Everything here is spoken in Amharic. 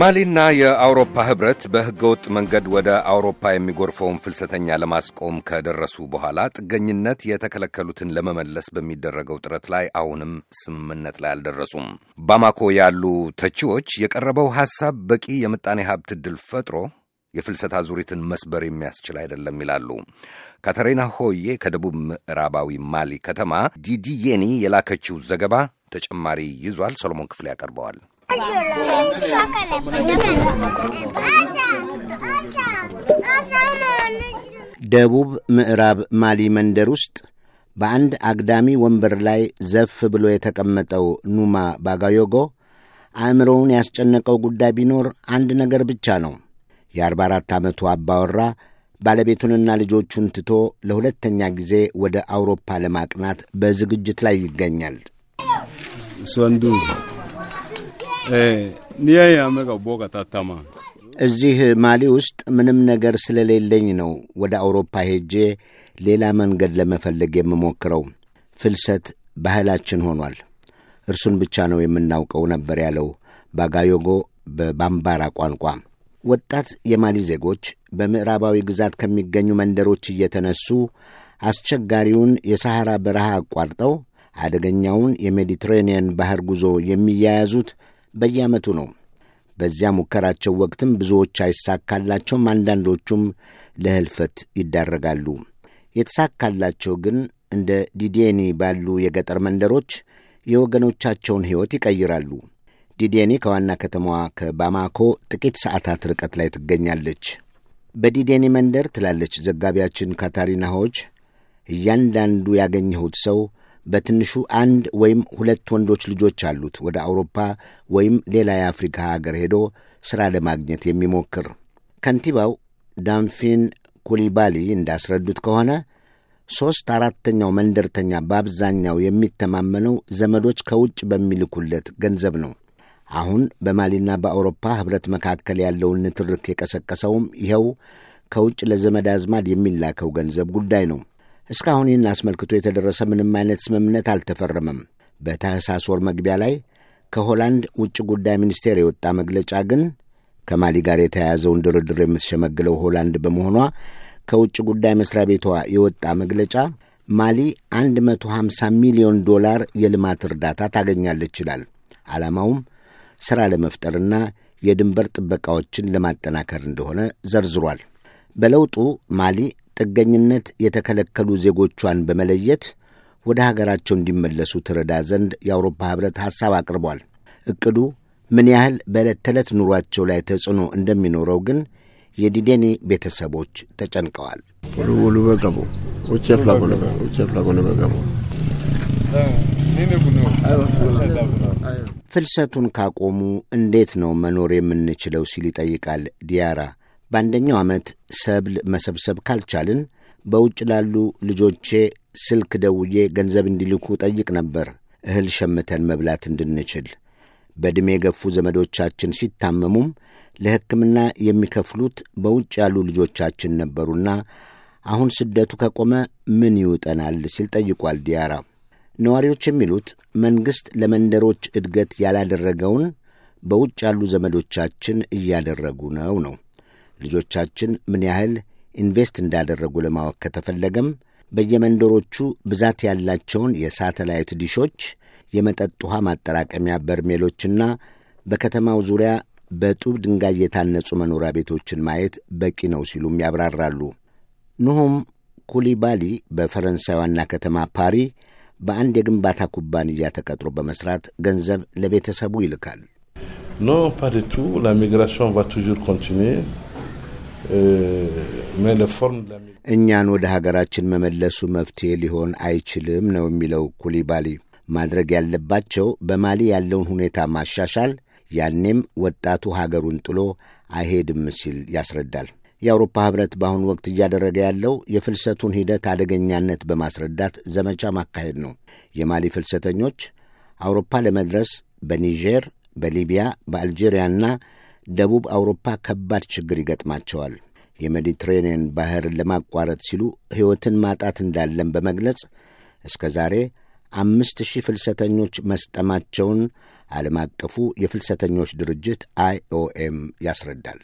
ማሊና የአውሮፓ ህብረት በህገወጥ መንገድ ወደ አውሮፓ የሚጎርፈውን ፍልሰተኛ ለማስቆም ከደረሱ በኋላ ጥገኝነት የተከለከሉትን ለመመለስ በሚደረገው ጥረት ላይ አሁንም ስምምነት ላይ አልደረሱም። ባማኮ ያሉ ተቺዎች የቀረበው ሐሳብ በቂ የምጣኔ ሀብት ዕድል ፈጥሮ የፍልሰት አዙሪትን መስበር የሚያስችል አይደለም ይላሉ። ካተሪና ሆዬ ከደቡብ ምዕራባዊ ማሊ ከተማ ዲዲየኒ የላከችው ዘገባ ተጨማሪ ይዟል። ሰሎሞን ክፍሌ ያቀርበዋል። ደቡብ ምዕራብ ማሊ መንደር ውስጥ በአንድ አግዳሚ ወንበር ላይ ዘፍ ብሎ የተቀመጠው ኑማ ባጋዮጎ አእምሮውን ያስጨነቀው ጉዳይ ቢኖር አንድ ነገር ብቻ ነው። የአርባ አራት ዓመቱ አባወራ ባለቤቱንና ልጆቹን ትቶ ለሁለተኛ ጊዜ ወደ አውሮፓ ለማቅናት በዝግጅት ላይ ይገኛል። እዚህ ማሊ ውስጥ ምንም ነገር ስለሌለኝ ነው ወደ አውሮፓ ሄጄ ሌላ መንገድ ለመፈለግ የምሞክረው። ፍልሰት ባህላችን ሆኗል። እርሱን ብቻ ነው የምናውቀው ነበር ያለው ባጋዮጎ በባምባራ ቋንቋ። ወጣት የማሊ ዜጎች በምዕራባዊ ግዛት ከሚገኙ መንደሮች እየተነሱ አስቸጋሪውን የሰሐራ በረሃ አቋርጠው አደገኛውን የሜዲትሬንየን ባህር ጉዞ የሚያያዙት በየዓመቱ ነው። በዚያ ሙከራቸው ወቅትም ብዙዎች አይሳካላቸውም፣ አንዳንዶቹም ለህልፈት ይዳረጋሉ። የተሳካላቸው ግን እንደ ዲዴኒ ባሉ የገጠር መንደሮች የወገኖቻቸውን ሕይወት ይቀይራሉ። ዲዴኒ ከዋና ከተማዋ ከባማኮ ጥቂት ሰዓታት ርቀት ላይ ትገኛለች። በዲዴኒ መንደር ትላለች ዘጋቢያችን ካታሪና እያንዳንዱ ያገኘሁት ሰው በትንሹ አንድ ወይም ሁለት ወንዶች ልጆች አሉት ወደ አውሮፓ ወይም ሌላ የአፍሪካ ሀገር ሄዶ ሥራ ለማግኘት የሚሞክር። ከንቲባው ዳንፊን ኩሊባሊ እንዳስረዱት ከሆነ ሦስት አራተኛው መንደርተኛ በአብዛኛው የሚተማመነው ዘመዶች ከውጭ በሚልኩለት ገንዘብ ነው። አሁን በማሊና በአውሮፓ ኅብረት መካከል ያለውን ንትርክ የቀሰቀሰውም ይኸው ከውጭ ለዘመድ አዝማድ የሚላከው ገንዘብ ጉዳይ ነው። እስካሁን ይህን አስመልክቶ የተደረሰ ምንም አይነት ስምምነት አልተፈረመም። በታህሳስ ወር መግቢያ ላይ ከሆላንድ ውጭ ጉዳይ ሚኒስቴር የወጣ መግለጫ ግን ከማሊ ጋር የተያያዘውን ድርድር የምትሸመግለው ሆላንድ በመሆኗ ከውጭ ጉዳይ መስሪያ ቤቷ የወጣ መግለጫ ማሊ 150 ሚሊዮን ዶላር የልማት እርዳታ ታገኛለች ይላል። ዓላማውም ሥራ ለመፍጠርና የድንበር ጥበቃዎችን ለማጠናከር እንደሆነ ዘርዝሯል። በለውጡ ማሊ ጥገኝነት የተከለከሉ ዜጎቿን በመለየት ወደ ሀገራቸው እንዲመለሱ ትረዳ ዘንድ የአውሮፓ ኅብረት ሐሳብ አቅርቧል። እቅዱ ምን ያህል በዕለት ተዕለት ኑሯቸው ላይ ተጽዕኖ እንደሚኖረው ግን የዲዴኔ ቤተሰቦች ተጨንቀዋል። ፍልሰቱን ካቆሙ እንዴት ነው መኖር የምንችለው ሲል ይጠይቃል ዲያራ። በአንደኛው ዓመት ሰብል መሰብሰብ ካልቻልን በውጭ ላሉ ልጆቼ ስልክ ደውዬ ገንዘብ እንዲልኩ ጠይቅ ነበር እህል ሸምተን መብላት እንድንችል። በዕድሜ የገፉ ዘመዶቻችን ሲታመሙም ለሕክምና የሚከፍሉት በውጭ ያሉ ልጆቻችን ነበሩና አሁን ስደቱ ከቆመ ምን ይውጠናል ሲል ጠይቋል ዲያራ። ነዋሪዎች የሚሉት መንግሥት ለመንደሮች እድገት ያላደረገውን በውጭ ያሉ ዘመዶቻችን እያደረጉ ነው ነው። ልጆቻችን ምን ያህል ኢንቨስት እንዳደረጉ ለማወቅ ከተፈለገም በየመንደሮቹ ብዛት ያላቸውን የሳተላይት ዲሾች፣ የመጠጥ ውሃ ማጠራቀሚያ በርሜሎችና በከተማው ዙሪያ በጡብ ድንጋይ የታነጹ መኖሪያ ቤቶችን ማየት በቂ ነው ሲሉም ያብራራሉ። ኑሆም ኩሊባሊ በፈረንሳይ ዋና ከተማ ፓሪ በአንድ የግንባታ ኩባንያ ተቀጥሮ በመስራት ገንዘብ ለቤተሰቡ ይልካል። ኖ ፓሪቱ ላሚግራሲዮን ቫ ቱዡር ኮንቲኒዬ እኛን ወደ ሀገራችን መመለሱ መፍትሄ ሊሆን አይችልም ነው የሚለው ኩሊባሊ። ማድረግ ያለባቸው በማሊ ያለውን ሁኔታ ማሻሻል፣ ያኔም ወጣቱ ሀገሩን ጥሎ አይሄድም ሲል ያስረዳል። የአውሮፓ ህብረት በአሁኑ ወቅት እያደረገ ያለው የፍልሰቱን ሂደት አደገኛነት በማስረዳት ዘመቻ ማካሄድ ነው። የማሊ ፍልሰተኞች አውሮፓ ለመድረስ በኒጀር፣ በሊቢያ፣ በአልጄሪያና ደቡብ አውሮፓ ከባድ ችግር ይገጥማቸዋል። የሜዲትሬኒየን ባህርን ለማቋረጥ ሲሉ ሕይወትን ማጣት እንዳለን በመግለጽ እስከ ዛሬ አምስት ሺህ ፍልሰተኞች መስጠማቸውን ዓለም አቀፉ የፍልሰተኞች ድርጅት አይኦኤም ያስረዳል።